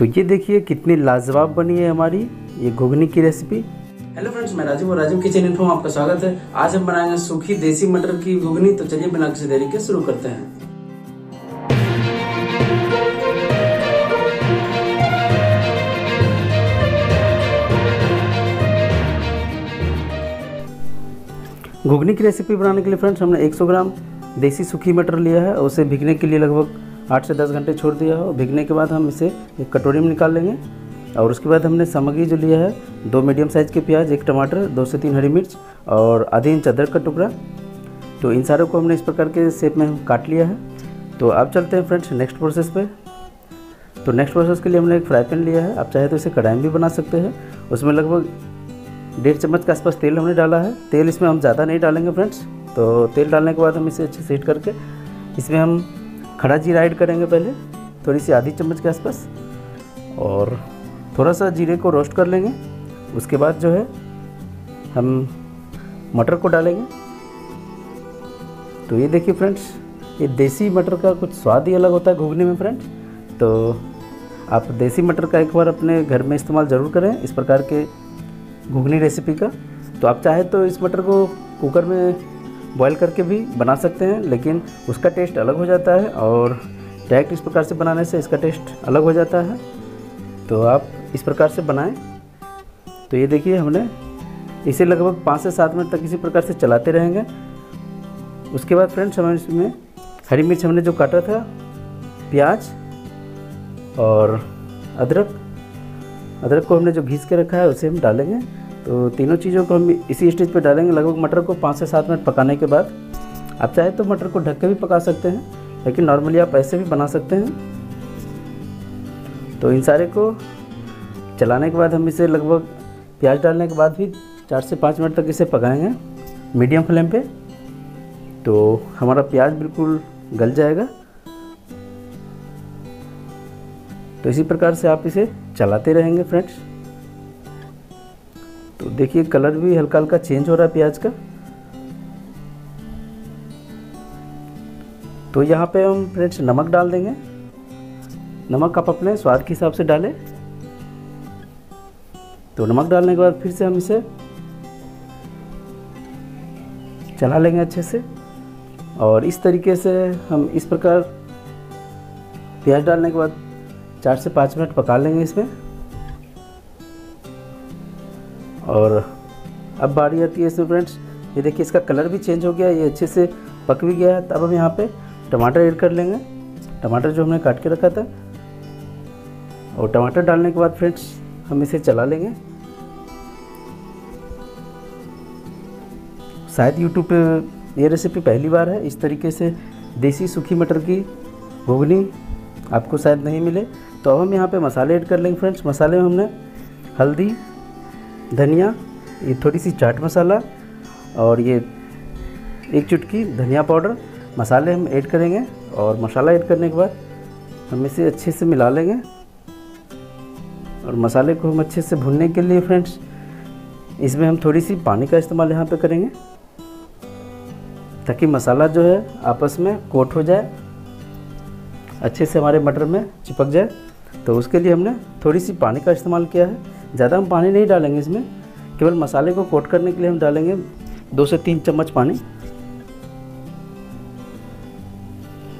तो ये देखिए कितनी लाजवाब बनी है हमारी ये घुगनी की रेसिपी हेलो फ्रेंड्स मैं राजीव और राजीव किचन इन्फो में आपका स्वागत है आज हम बनाएंगे सूखी देसी मटर की घुगनी तो चलिए बिना किसी देरी के शुरू करते हैं घुगनी की रेसिपी बनाने के लिए फ्रेंड्स हमने 100 ग्राम देसी सूखी मटर लिया है उसे भिगने के लिए लगभग आठ से दस घंटे छोड़ दिया हो भीगने के बाद हम इसे एक कटोरी में निकाल लेंगे और उसके बाद हमने सामग्री जो लिया है दो मीडियम साइज़ के प्याज एक टमाटर दो से तीन हरी मिर्च और आधे इंच अदरक का टुकड़ा तो इन सारों को हमने इस प्रकार के शेप में हम काट लिया है तो अब चलते हैं फ्रेंड्स नेक्स्ट प्रोसेस पे तो नेक्स्ट प्रोसेस के लिए हमने एक फ्राई पैन लिया है आप चाहे तो इसे कढ़ाई में भी बना सकते हैं उसमें लगभग डेढ़ चम्मच के आसपास तेल हमने डाला है तेल इसमें हम ज़्यादा नहीं डालेंगे फ्रेंड्स तो तेल डालने के बाद हम इसे अच्छे सेट करके इसमें हम खड़ा जीरा ऐड करेंगे पहले थोड़ी सी आधी चम्मच के आसपास और थोड़ा सा जीरे को रोस्ट कर लेंगे उसके बाद जो है हम मटर को डालेंगे तो ये देखिए फ्रेंड्स ये देसी मटर का कुछ स्वाद ही अलग होता है घूगने में फ्रेंड्स तो आप देसी मटर का एक बार अपने घर में इस्तेमाल ज़रूर करें इस प्रकार के घुगनी रेसिपी का तो आप चाहे तो इस मटर को कुकर में बॉयल करके भी बना सकते हैं लेकिन उसका टेस्ट अलग हो जाता है और डायरेक्ट इस प्रकार से बनाने से इसका टेस्ट अलग हो जाता है तो आप इस प्रकार से बनाएं तो ये देखिए हमने इसे लगभग पाँच से सात मिनट तक इसी प्रकार से चलाते रहेंगे उसके बाद फ्रेंड्स हमें इसमें हरी मिर्च हमने जो काटा था प्याज और अदरक अदरक को हमने जो घीस के रखा है उसे हम डालेंगे तो तीनों चीज़ों को हम इसी स्टेज पर डालेंगे लगभग मटर को पाँच से सात मिनट पकाने के बाद आप चाहे तो मटर को ढक के भी पका सकते हैं लेकिन नॉर्मली आप ऐसे भी बना सकते हैं तो इन सारे को चलाने के बाद हम इसे लगभग प्याज डालने के बाद भी चार से पाँच मिनट तक इसे पकाएंगे मीडियम फ्लेम पे तो हमारा प्याज बिल्कुल गल जाएगा तो इसी प्रकार से आप इसे चलाते रहेंगे फ्रेंड्स तो देखिए कलर भी हल्का हल्का चेंज हो रहा है प्याज का तो यहाँ पे हम फ्रेंड्स नमक डाल देंगे नमक आप अपने स्वाद के हिसाब से डालें तो नमक डालने के बाद फिर से हम इसे चला लेंगे अच्छे से और इस तरीके से हम इस प्रकार प्याज डालने के बाद चार से पाँच मिनट पका लेंगे इसमें और अब बारी आती है स्टूडेंट्स फ्रेंड्स ये देखिए इसका कलर भी चेंज हो गया ये अच्छे से पक भी गया है तब हम यहाँ पे टमाटर ऐड कर लेंगे टमाटर जो हमने काट के रखा था और टमाटर डालने के बाद फ्रेंड्स हम इसे चला लेंगे शायद यूट्यूब पे ये रेसिपी पहली बार है इस तरीके से देसी सूखी मटर की घुगनी आपको शायद नहीं मिले तो अब हम यहाँ पे मसाले ऐड कर लेंगे फ्रेंड्स मसाले में हमने हल्दी धनिया ये थोड़ी सी चाट मसाला और ये एक चुटकी धनिया पाउडर मसाले हम ऐड करेंगे और मसाला ऐड करने के बाद हम इसे अच्छे से मिला लेंगे और मसाले को हम अच्छे से भूनने के लिए फ्रेंड्स इसमें हम थोड़ी सी पानी का इस्तेमाल यहाँ पे करेंगे ताकि मसाला जो है आपस में कोट हो जाए अच्छे से हमारे मटर में चिपक जाए तो उसके लिए हमने थोड़ी सी पानी का इस्तेमाल किया है ज़्यादा हम पानी नहीं डालेंगे इसमें केवल मसाले को कोट करने के लिए हम डालेंगे दो से तीन चम्मच पानी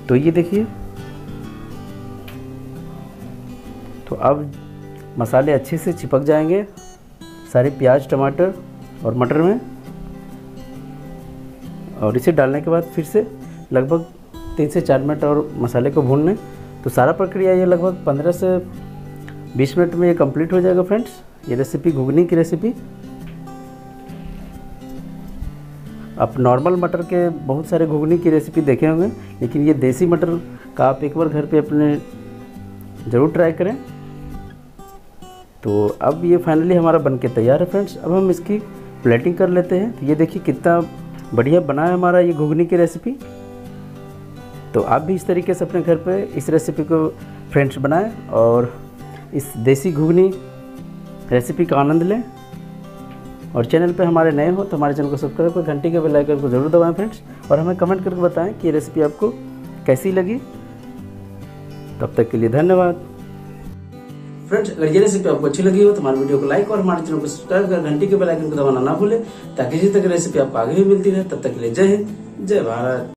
तो ये देखिए तो अब मसाले अच्छे से चिपक जाएंगे सारे प्याज टमाटर और मटर में और इसे डालने के बाद फिर से लगभग तीन से चार मिनट और मसाले को भून लें तो सारा प्रक्रिया ये लगभग पंद्रह से बीस मिनट में ये कंप्लीट हो जाएगा फ्रेंड्स ये रेसिपी घुगनी की रेसिपी आप नॉर्मल मटर के बहुत सारे घुगनी की रेसिपी देखे होंगे लेकिन ये देसी मटर का आप एक बार घर पे अपने ज़रूर ट्राई करें तो अब ये फाइनली हमारा बन के तैयार है फ्रेंड्स अब हम इसकी प्लेटिंग कर लेते हैं तो ये देखिए कितना बढ़िया बना है हमारा ये घुगनी की रेसिपी तो आप भी इस तरीके से अपने घर पर इस रेसिपी को फ्रेंड्स बनाएँ और इस देसी घुगनी रेसिपी का आनंद लें और चैनल पे हमारे नए हो तो हमारे चैनल को सब्सक्राइब कर घंटी के बेल आइकन को जरूर दबाएं फ्रेंड्स और हमें कमेंट करके बताएं कि ये रेसिपी आपको कैसी लगी तब तक के लिए धन्यवाद फ्रेंड्स अगर ये रेसिपी आपको अच्छी लगी हो तो हमारे वीडियो को लाइक और हमारे चैनल को सब्सक्राइब कर घंटी के बेल आइकन को दबाना ना भूलें ताकि जिस तक रेसिपी आपको आगे भी मिलती रहे तब तक के लिए जय हिंद जय भारत